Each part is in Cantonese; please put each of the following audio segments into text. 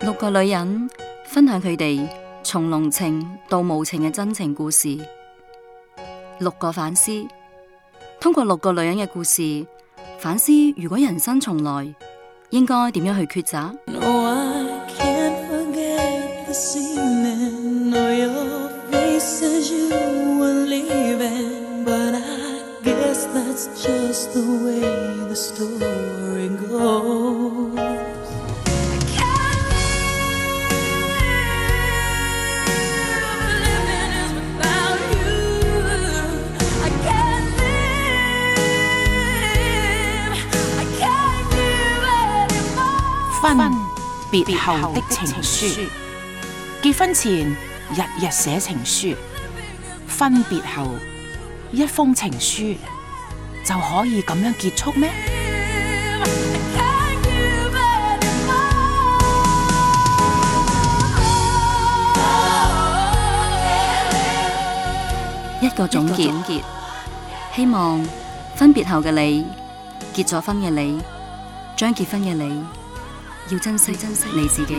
六個女人分享佢哋從濃情到無情嘅真情故事，六個反思。通過六個女人嘅故事，反思如果人生重來應該點樣去抉擇。Oh. 分別後的情書，結婚前日日寫情書，分別後一封情書就可以咁樣結束咩？一個總結，一個總結，希望分別後嘅你，結咗婚嘅你，將結婚嘅你。要珍惜，要珍惜你自己。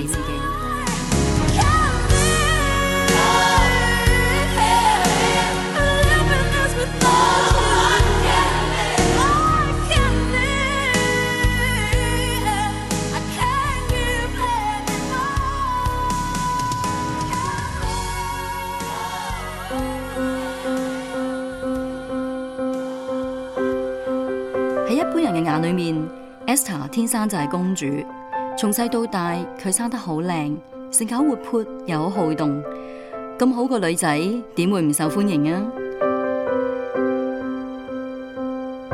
喺一般人嘅眼裏面，Esther 天生就係公主。從細到大，佢生得好靚，性格活潑又好好動，咁好個女仔點會唔受歡迎啊？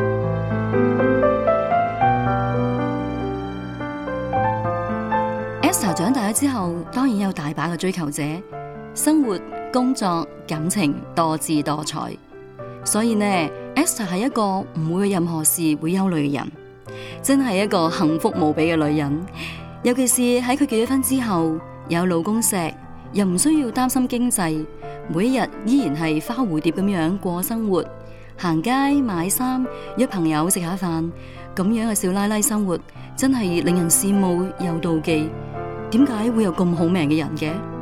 Esther 長大咗之後，當然有大把嘅追求者，生活、工作、感情多姿多彩，所以呢，Esther 係一個唔會有任何事會憂慮嘅人，真係一個幸福無比嘅女人。尤其是喺佢結咗婚之後，有老公錫，又唔需要擔心經濟，每一日依然係花蝴蝶咁樣過生活，行街買衫，約朋友食下飯，咁樣嘅少奶奶生活真係令人羨慕又妒忌。點解會有咁好命嘅人嘅？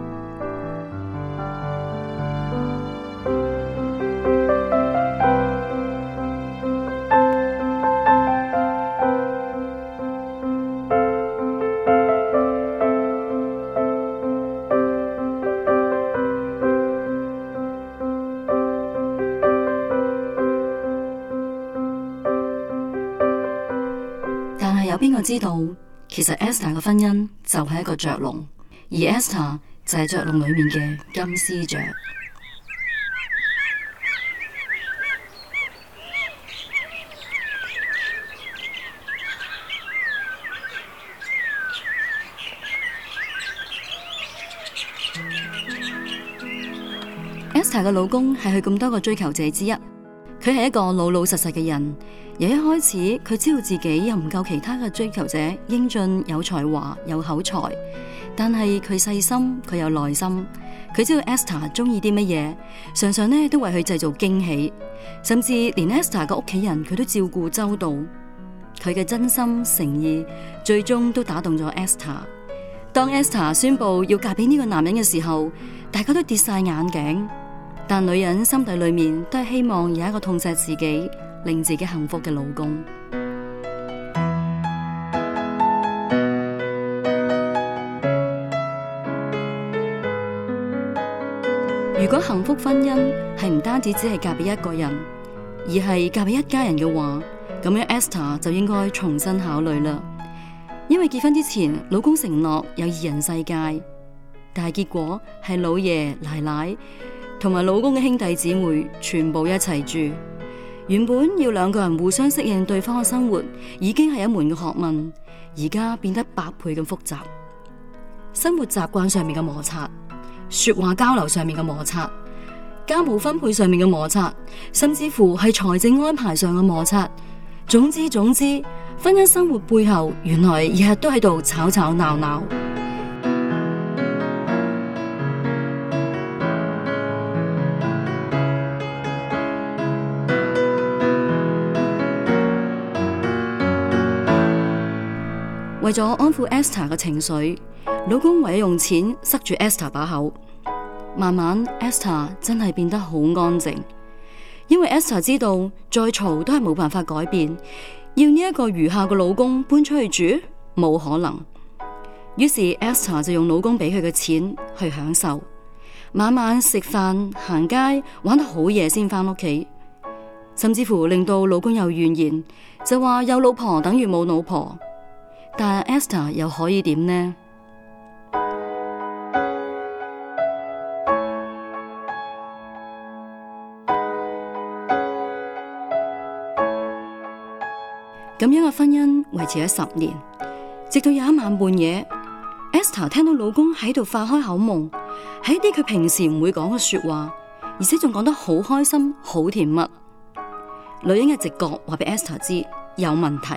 但係有邊個知道，其實 Esther 嘅婚姻就係一個雀籠，而 Esther 就係雀籠裏面嘅金絲雀。Esther 嘅老公係佢咁多個追求者之一，佢係一個老老實實嘅人。由一開始，佢知道自己又唔夠其他嘅追求者英俊、有才華、有口才，但係佢細心，佢有耐心，佢知道 Esther 中意啲乜嘢，常常咧都為佢製造驚喜，甚至連 Esther 嘅屋企人佢都照顧周到，佢嘅真心誠意最終都打動咗 Esther。當 Esther 宣布要嫁俾呢個男人嘅時候，大家都跌晒眼鏡，但女人心底裏面都係希望有一個痛錫自己令自己幸福嘅老公。如果幸福婚姻係唔單止只係嫁俾一個人，而係嫁俾一家人嘅話，咁樣 Esther 就應該重新考慮啦。因為結婚之前，老公承諾有二人世界，但係結果係老爺奶奶同埋老公嘅兄弟姊妹全部一齊住。原本要兩個人互相適應對方嘅生活，已經係一門嘅學問，而家變得百倍咁複雜。生活習慣上面嘅摩擦，說話交流上面嘅摩擦，家務分配上面嘅摩擦，甚至乎係財政安排上嘅摩擦。總之總之，婚姻生活背後，原來日日都喺度吵吵鬧鬧。為咗安撫 Esther 嘅情緒，老公唯有用錢塞住 Esther 把口，慢慢 Esther 真係變得好安靜。因為 Esther 知道再嘈都係冇辦法改變，要呢一個餘下嘅老公搬出去住冇可能。於是 Esther 就用老公俾佢嘅錢去享受，晚晚食飯、行街，玩得好夜先翻屋企，甚至乎令到老公有怨言，就話有老婆等於冇老婆。但 Esther 又可以點呢？咁樣嘅婚姻維持咗十年，直到有一晚半夜，Esther 聽到老公喺度發開口夢，喺啲佢平時唔會講嘅說話，而且仲講得好開心、好甜蜜。女人嘅直覺話俾 Esther 知有問題。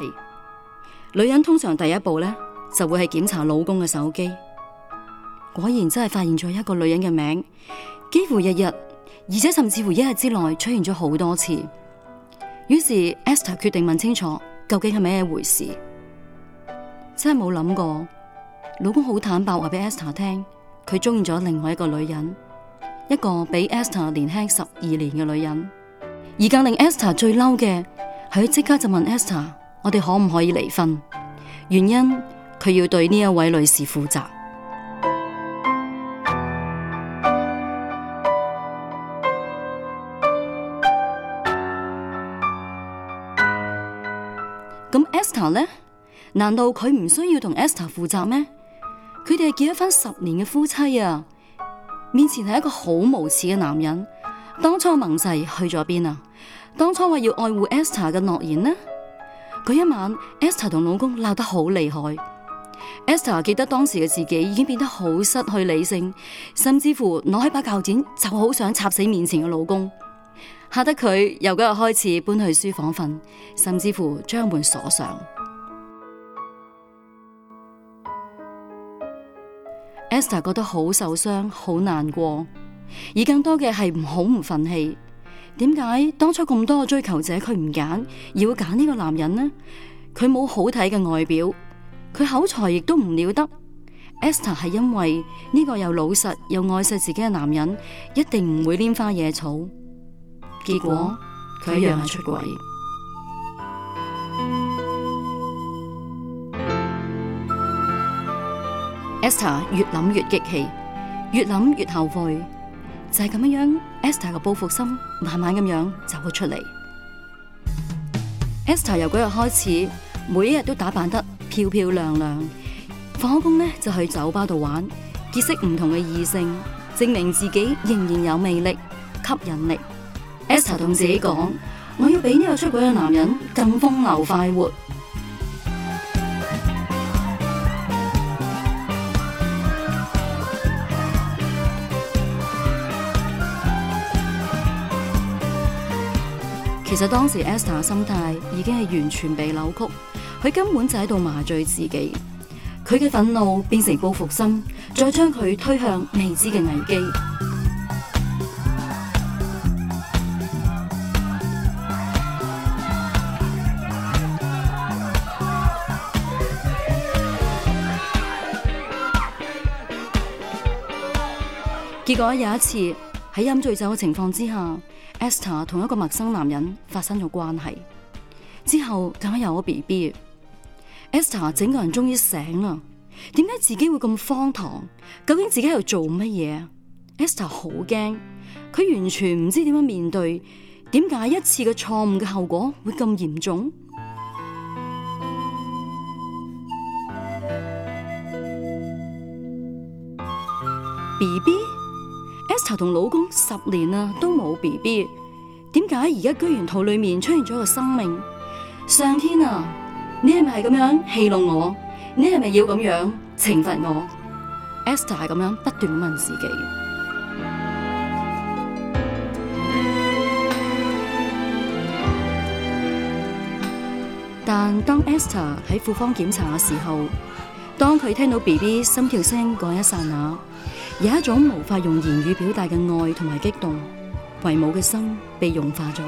女人通常第一步呢，就會係檢查老公嘅手機。果然真係發現咗一個女人嘅名，幾乎日日，而且甚至乎一日之內出現咗好多次。於是 Esther 決定問清楚究竟係咩回事。真係冇諗過，老公好坦白話俾 Esther 聽，佢中意咗另外一個女人，一個比 Esther 年輕十二年嘅女人。而更令 Esther 最嬲嘅係佢即刻就問 Esther。我哋可唔可以離婚？原因佢要對呢一位女士負責。咁 Esther 呢，難道佢唔需要同 Esther 負責咩？佢哋係結咗婚十年嘅夫妻啊！面前係一個好無恥嘅男人，當初盟誓去咗邊啊？當初話要愛護 Esther 嘅諾言呢？嗰一晚，Esther 同老公鬧得好厲害。Esther 記得當時嘅自己已經變得好失去理性，甚至乎攞起把鉸剪就好想插死面前嘅老公，嚇得佢由嗰日開始搬去書房瞓，甚至乎將門鎖上。Esther 覺得好受傷、好難過，而更多嘅係唔好唔忿氣。點解當初咁多追求者佢唔揀，而要揀呢個男人呢？佢冇好睇嘅外表，佢口才亦都唔了得。Esther 係因為呢個又老實又愛惜自己嘅男人，一定唔會拈花惹草。結果佢一樣係出軌。Esther 越諗越激氣，越諗越後悔，就係咁樣樣。Esther 嘅報復心。慢慢咁樣走咗出嚟。Esther 由嗰日開始，每一日都打扮得漂漂亮亮，放工咧就去酒吧度玩，結識唔同嘅異性，證明自己仍然有魅力、吸引力。 Esther 同自己講：我要比呢個出軌嘅男人更風流快活。其實當時 Esther 心態已經係完全被扭曲，佢根本就喺度麻醉自己，佢嘅憤怒變成報復心，再將佢推向未知嘅危機。 結果有一次，喺飲醉酒嘅情況之下。Esther 同一個陌生男人發生咗關係，之後梗係有個 B B？Esther 整個人終於醒啦，點解自己會咁荒唐？究竟自己喺度做乜嘢？Esther 好驚，佢完全唔知點樣面對，點解一次嘅錯誤嘅後果會咁嚴重？B B。BB? 同老公十年啦都冇 B B，點解而家居然肚裏面出現咗個生命？上天啊，你係咪咁樣戲弄我？你係咪要咁樣懲罰我？Esther 係咁樣不斷問自己， 但當 Esther 喺婦科檢查嘅時候。當佢聽到 B B 心跳聲嗰一剎那，有一種無法用言語表達嘅愛同埋激動，為母嘅心被融化咗。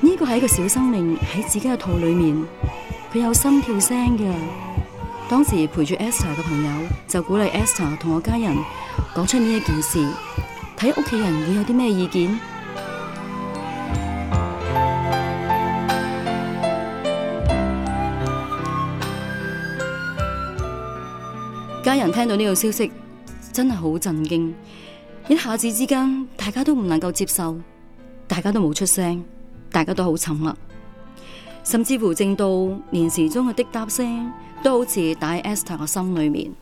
呢個係一個小生命喺自己嘅肚裏面，佢有心跳聲㗎。當時陪住 Esther 嘅朋友就鼓勵 Esther 同我家人。講出呢一件事，睇屋企人會有啲咩意見？家人聽到呢個消息，真係好震驚，一下子之間，大家都唔能夠接受，大家都冇出聲，大家都好沉默，甚至乎正到連時鐘嘅滴答聲，都好似打喺 Esther 嘅心裏面。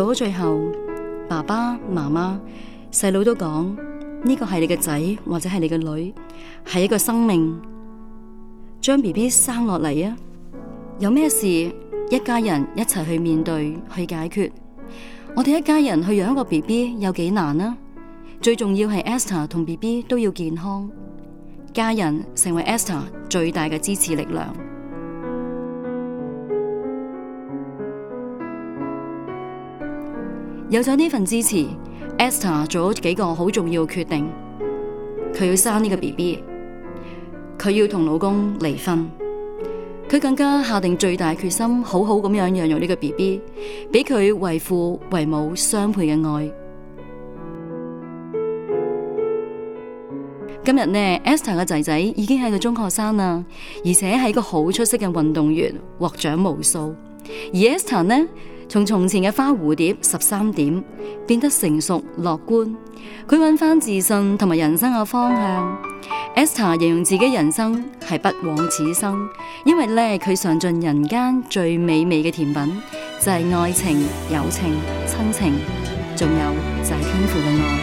到咗最後，爸爸媽媽、細佬都講，呢個係你嘅仔或者係你嘅女，係一個生命，將 B B 生落嚟啊！有咩事，一家人一齊去面對去解決。我哋一家人去養一個 B B 有幾難啊？最重要係 Esther 同 B B 都要健康，家人成為 Esther 最大嘅支持力量。有咗呢份支持，Esther 做咗幾個好重要決定，佢要生呢個 BB，佢要同老公離婚，佢更加下定最大決心，好好咁樣養育呢個 BB，俾佢為父為母雙倍嘅愛。 今日呢 ，Esther 嘅仔仔已經係個中學生啦，而且係一個好出色嘅運動員，獲獎無數。而 Esther 呢？從從前嘅花蝴蝶十三點變得成熟樂觀，佢揾翻自信同埋人生嘅方向。Esther 形容自己人生係不枉此生，因為咧，佢嘗盡人間最美味嘅甜品，就係、是、愛情、友情、親情，仲有就係天父嘅愛。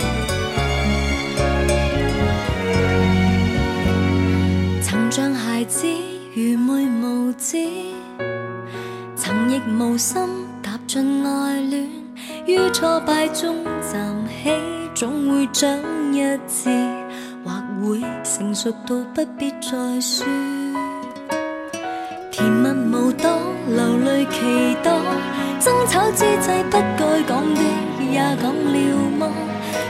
曾像孩子愚昧無知，曾亦無心。盡愛戀於挫敗中站起，總會長一智，或會成熟到不必再說。甜蜜無多，流淚其多，爭吵之際不該講的也講了麼？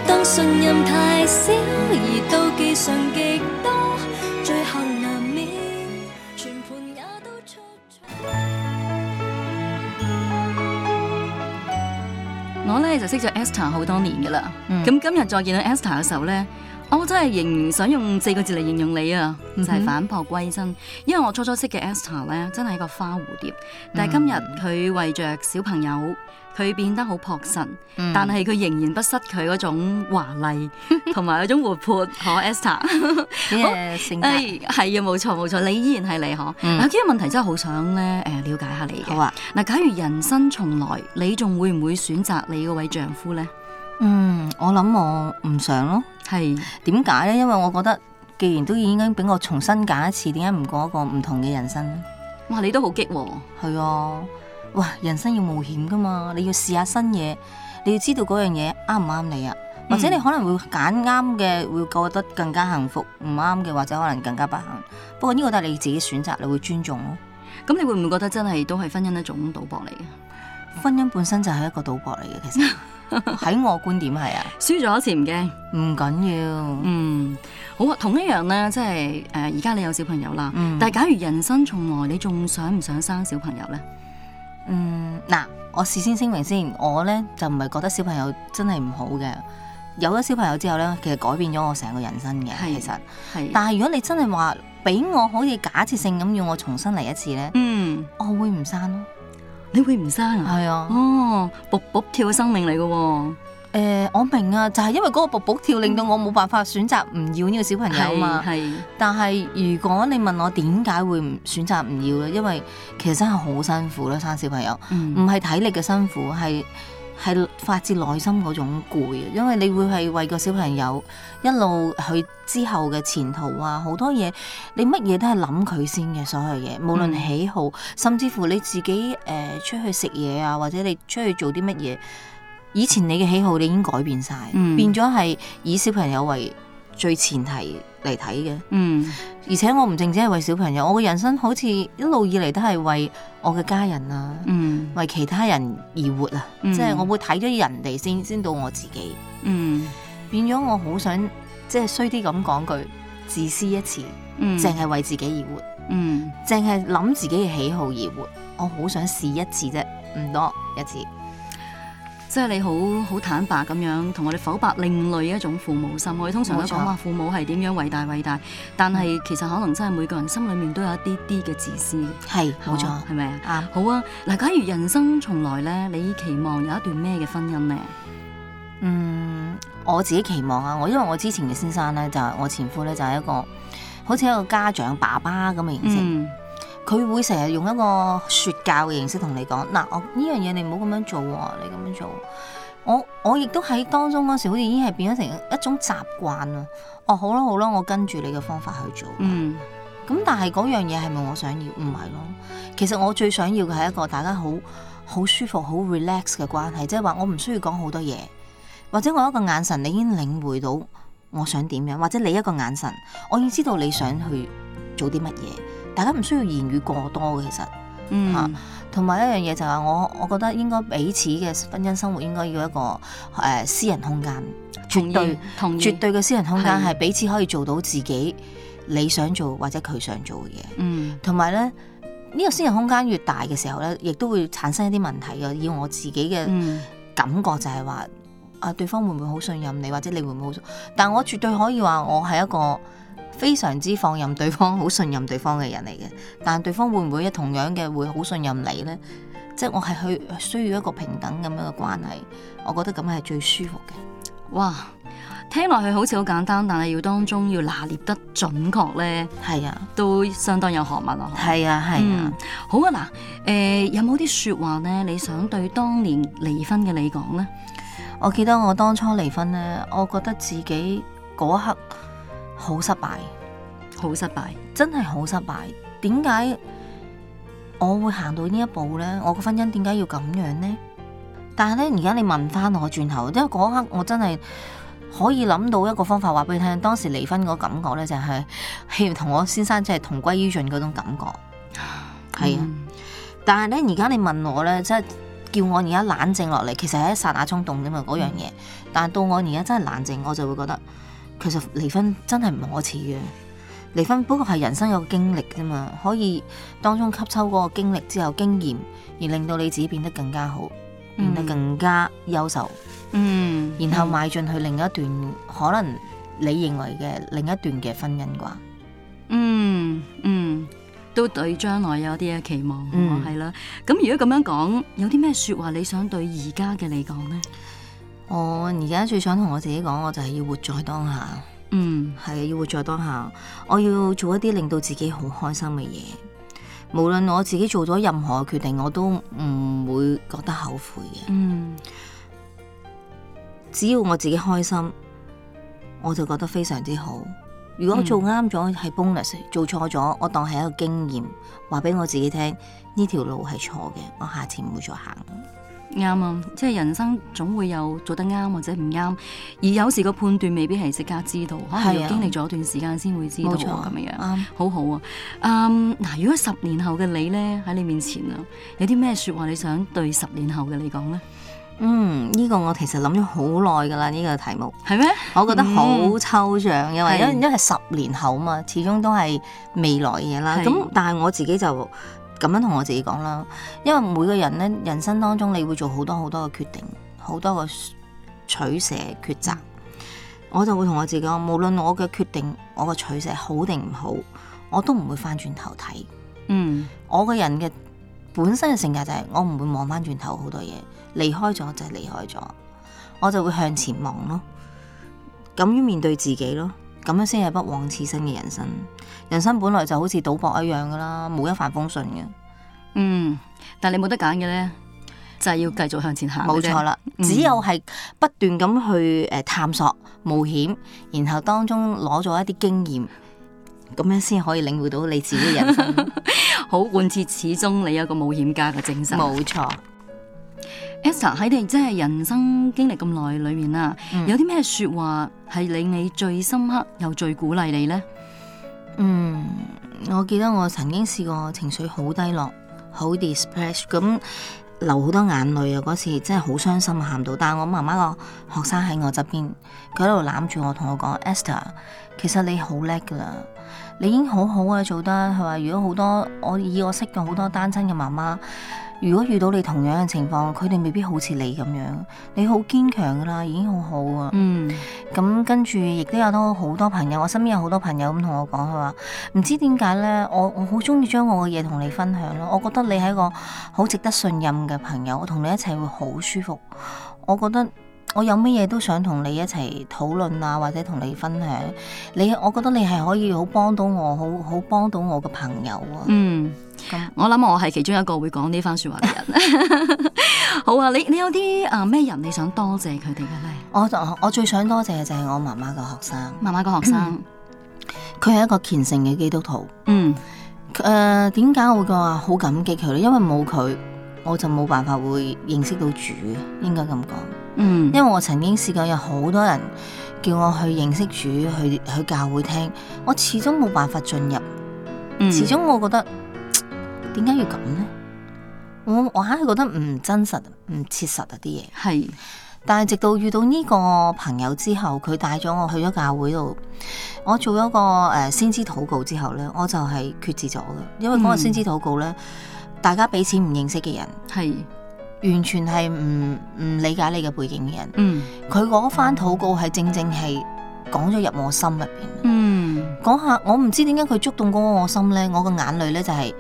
當信任太少而妒忌上。我咧就識咗 Esther 好多年噶啦，咁、嗯、今日再見到 Esther 嘅時候咧。我、oh, 真係仍然想用四個字嚟形容你啊，就係、是、反璞歸真。因為我初初識嘅 Esther 咧，真係一個花蝴蝶。但係今日佢為着小朋友，佢變得好樸純，嗯、但係佢仍然不失佢嗰種華麗同埋嗰種活潑。嗬，Esther，好，誒、 yeah,，係、哎、啊，冇錯冇錯，你依然係你嗬。嗱，呢個、嗯、問題真係好想咧，誒、呃，了解下你嘅。好啊，嗱，假如人生從來你仲會唔會選擇你嗰位丈夫咧？嗯，我諗我唔想咯。係點解咧？因為我覺得既然都已經俾我重新揀一次，點解唔過一個唔同嘅人生呢？哇！你都好激喎、哦！係啊！哇！人生要冒險噶嘛，你要試下新嘢，你要知道嗰樣嘢啱唔啱你啊！嗯、或者你可能會揀啱嘅，會覺得更加幸福；唔啱嘅，或者可能更加不幸。不過呢個都係你自己選擇，你會尊重咯、啊。咁你會唔會覺得真係都係婚姻一種賭博嚟嘅？婚姻本身就係一個賭博嚟嘅，其實。 喺 我觀點係啊，輸咗一次唔驚，唔緊要。嗯，好啊。同一樣咧，即係誒，而家你有小朋友啦。嗯，但係假如人生從來你仲想唔想生小朋友咧？嗯，嗱，我事先聲明先，我咧就唔係覺得小朋友真係唔好嘅。有咗小朋友之後咧，其實改變咗我成個人生嘅。是其實是但係如果你真係話俾我可以假設性咁要我重新嚟一次咧，嗯，我會唔生咯？你會唔生啊？係啊，哦，卜卜跳嘅生命嚟嘅，誒、呃，我明啊，就係、是、因為嗰個卜卜跳、嗯、令到我冇辦法選擇唔要呢個小朋友啊嘛，係。但係如果你問我點解會唔選擇唔要咧？因為其實真係好辛苦囉，生小朋友，唔係體力嘅辛苦係。係發自內心嗰種攰啊，因為你會係為個小朋友一路去之後嘅前途啊，好多嘢你乜嘢都係諗佢先嘅，所有嘢無論喜好，甚至乎你自己誒、呃、出去食嘢啊，或者你出去做啲乜嘢，以前你嘅喜好你已經改變晒，嗯、變咗係以小朋友為最前提。嚟睇嘅，嗯，而且我唔淨止係為小朋友，我嘅人生好似一路以嚟都係為我嘅家人啊，嗯，為其他人而活啊，嗯，即係我會睇咗人哋先，先到我自己，嗯，變咗我好想即係衰啲咁講句自私一次，嗯，淨係為自己而活，嗯，淨係諗自己嘅喜好而活，我好想試一次啫，唔多一次。即係你好好坦白咁樣，同我哋剖白另類一種父母心。我哋通常都講話父母係點樣偉大偉大，但係其實可能真係每個人心裏面都有一啲啲嘅自私。係冇錯，係咪啊？好啊，嗱，假如人生從來咧，你期望有一段咩嘅婚姻呢？嗯，我自己期望啊，我因為我之前嘅先生咧就係、是、我前夫咧就係一個好似一個家長爸爸咁嘅形象。嗯佢會成日用一個説教嘅形式同你講，嗱、啊，我、哦、呢樣嘢你唔好咁樣做喎、哦，你咁樣做，我我亦都喺當中嗰時，好似已經係變咗成一種習慣啦。哦，好啦好啦，我跟住你嘅方法去做。嗯，咁但係嗰樣嘢係咪我想要？唔係咯。其實我最想要嘅係一個大家好好舒服、好 relax 嘅關係，即係話我唔需要講好多嘢，或者我一個眼神你已經領會到我想點樣，或者你一個眼神我已經知道你想去做啲乜嘢。大家唔需要言語過多嘅，其實嚇，同埋、嗯啊、一樣嘢就係我，我覺得應該彼此嘅婚姻生活應該要一個誒、呃、私人空間，意絕對、意絕對嘅私人空間係彼此可以做到自己你想做或者佢想做嘅嘢。嗯，同埋咧，呢個私人空間越大嘅時候咧，亦都會產生一啲問題嘅。以我自己嘅感覺就係話，嗯、啊對方會唔會好信任你，或者你會唔會好？但我絕對可以話，我係一個。非常之放任對方，好信任對方嘅人嚟嘅。但係對方會唔會一同樣嘅會好信任你呢？即係我係去需要一個平等咁樣嘅關係。我覺得咁係最舒服嘅。哇，聽落去好似好簡單，但係要當中要拿捏得準確呢？係啊，都相當有學問啊。係啊，係啊、嗯。好啊，嗱，誒，有冇啲説話呢，你想對當年離婚嘅你講呢？我記得我當初離婚呢，我覺得自己嗰刻。好失敗，好失敗，真係好失敗。點解我會行到呢一步呢？我個婚姻點解要咁樣呢？但係呢，而家你問翻我轉頭，因為嗰刻我真係可以諗到一個方法，話俾你聽。當時離婚個感覺呢、就係，就係要同我先生即係同歸於盡嗰種感覺。係啊的，的但係呢，而家你問我呢，即係叫我而家冷靜落嚟，其實係一剎那衝動啫嘛樣嘢。嗯、但係到我而家真係冷靜，我就會覺得。其實離婚真係唔可恥嘅，離婚不過係人生有個經歷啫嘛，可以當中吸收嗰個經歷之後經驗，而令到你自己變得更加好，變得更加優秀，嗯，然後邁進去另一段、嗯、可能你認為嘅另一段嘅婚姻啩，嗯嗯，都對將來有啲嘅期望係啦。咁、嗯、如果咁樣講，有啲咩說話你想對而家嘅你講呢？我而家最想同我自己講，我就係要活在當下。嗯，係要活在當下。我要做一啲令到自己好開心嘅嘢。無論我自己做咗任何決定，我都唔會覺得後悔嘅。嗯，只要我自己開心，我就覺得非常之好。如果我做啱咗，係 bonus；做錯咗，我當係一個經驗，話俾我自己聽。呢條路係錯嘅，我下次唔會再行。啱啊！即係人生總會有做得啱或者唔啱，而有時個判斷未必係即刻知道，啊、可能要經歷咗段時間先會知道咁樣、啊、樣。好對好啊！嗱、um,，如果十年後嘅你呢，喺你面前啊，有啲咩說話你想對十年後嘅你講呢？嗯、呢、呢個我其實諗咗好耐噶啦，呢、呢個題目係咩？嗎我覺得好抽象，嗯、因為是因為十年後嘛，始終都係未來嘢啦。咁是是但係我自己就。咁樣同我自己講啦，因為每個人咧，人生當中你會做好多好多嘅決定，好多嘅取捨抉擇，我就會同我自己講，無論我嘅決定，我嘅取捨好定唔好，我都唔會翻轉頭睇。嗯，我個人嘅本身嘅性格就係，我唔會望翻轉頭，好多嘢離開咗就係離開咗，我就會向前望咯，敢於面對自己咯，咁樣先係不枉此生嘅人生。人生本來就好似賭博一樣噶啦，冇一帆風順嘅。嗯，但係你冇得揀嘅咧，就係、是、要繼續向前行。冇錯啦，嗯、只有係不斷咁去誒探索冒險，然後當中攞咗一啲經驗，咁樣先可以領會到你自己嘅人生。 好，貫徹始終你有個冒險家嘅精神。冇錯。Elsa 喺你真係人生經歷咁耐裏面啦，嗯、有啲咩說話係令你最深刻又最鼓勵你呢？嗯，我記得我曾經試過情緒好低落，好 despair 咁，流好多眼淚啊！嗰時真係好傷心啊，喊到。但我媽媽個學生喺我側邊，佢喺度攬住我，同我講 Esther，其實你好叻㗎啦，你已經好好啊，做得佢話。如果好多我以我識嘅好多單親嘅媽媽。如果遇到你同樣嘅情況，佢哋未必好似你咁樣。你好堅強㗎喇，已經好好啊。嗯，咁跟住亦都有多好多朋友，我身邊有好多朋友咁同我講，佢話唔知點解咧，我我好鍾意將我嘅嘢同你分享咯。我覺得你係一個好值得信任嘅朋友，我同你一齊會好舒服。我覺得。我有咩嘢都想同你一齊討論啊，或者同你分享。你，我覺得你係可以好幫到我，好好幫到我嘅朋友啊。嗯，咁我諗我係其中一個會講呢番說話嘅人。 好啊，你你有啲啊咩人你想多謝佢哋嘅咧？我我我最想多謝嘅就係我媽媽嘅學生，媽媽嘅學生，佢係 一個虔誠嘅基督徒。嗯，誒，點、呃、解我會話好感激佢咧？因為冇佢。我就冇辦法會認識到主，應該咁講。嗯，因為我曾經試過有好多人叫我去認識主，去去教會聽，我始終冇辦法進入。嗯、始終我覺得點解要咁呢？我我硬係覺得唔真實、唔切實啊啲嘢。係，是但係直到遇到呢個朋友之後，佢帶咗我去咗教會度，我做咗個誒先知禱告之後呢，我就係決志咗㗎。因為嗰個先知禱告呢。嗯大家彼此唔認識嘅人，係的完全係唔唔理解你嘅背景嘅人。嗯，佢嗰番禱告係正正係講咗入我心入邊。嗯，嗰刻我唔知點解佢觸動嗰個我心咧，我嘅眼淚咧就係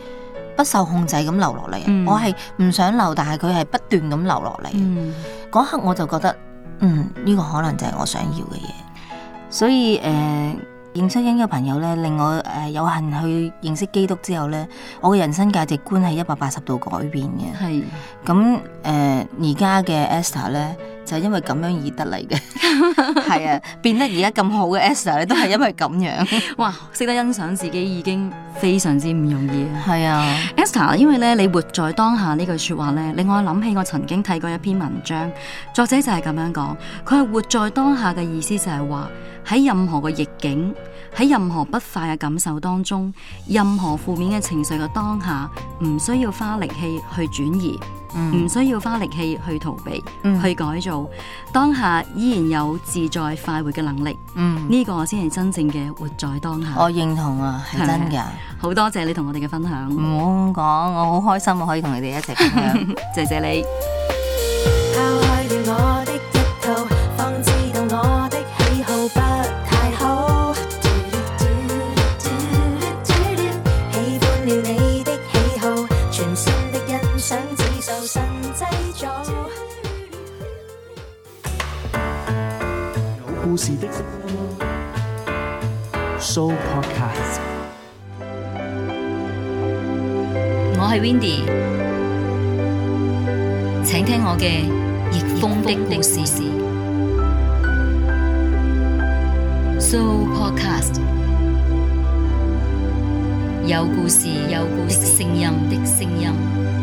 不受控制咁流落嚟。嗯、我係唔想流，但係佢係不斷咁流落嚟。嗰、嗯、刻我就覺得，嗯，呢、呢個可能就係我想要嘅嘢。所以誒。呃.認識英國朋友，令我有幸去認識基督，之後我嘅人生價值觀係一百八十度改變嘅。係的，咁誒而家嘅 Esther 咧。呃就係因為咁樣而得嚟嘅，係啊，變得而家咁好嘅 Esther 都係因為咁樣。 哇，識得欣賞自己已經非常之唔容易啊！係啊，Esther，因為咧你活在當下呢句說話咧，令我諗起我曾經睇過一篇文章，作者就係咁樣講，佢係活在當下嘅意思就係話喺任何嘅逆境。喺任何不快嘅感受當中，任何負面嘅情緒嘅當下，唔需要花力氣去轉移，嗯，唔需要花力氣去逃避，嗯，去改造，當下依然有自在快活嘅能力。嗯，呢個先係真正嘅活在當下。我認同啊，係真嘅。好多謝，謝你同我哋嘅分享。唔好咁講，我好開心我可以同你哋一齊分享， 謝謝你。 有故事，有故事，聲音的聲音。